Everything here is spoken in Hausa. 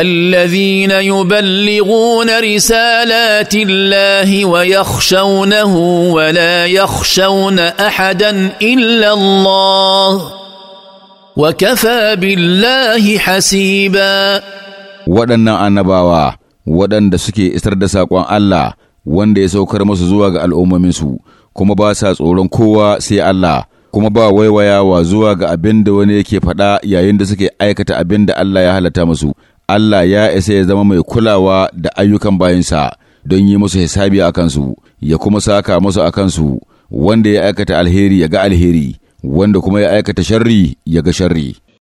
الذين يبلغون رسالات الله ويخشونه ولا يخشون احدا الا الله وكفى بالله حسيبا waɗannan annabawa waɗanda suke isar da saƙon Allah wanda ya saukar musu zuwa ga al'ummominsu kuma ba sa tsoron kowa sai Allah kuma ba waiwayawa zuwa ga abin da wani yake faɗa yayin da suke aikata abin da Allah ya halatta musu Allah ya isa ya zama mai kulawa da ayyukan bayansa don yi musu hisabi a kansu, ya kuma saka musu a kansu, wanda ya aikata alheri ya ga alheri, wanda kuma ya aikata sharri ya ga sharri.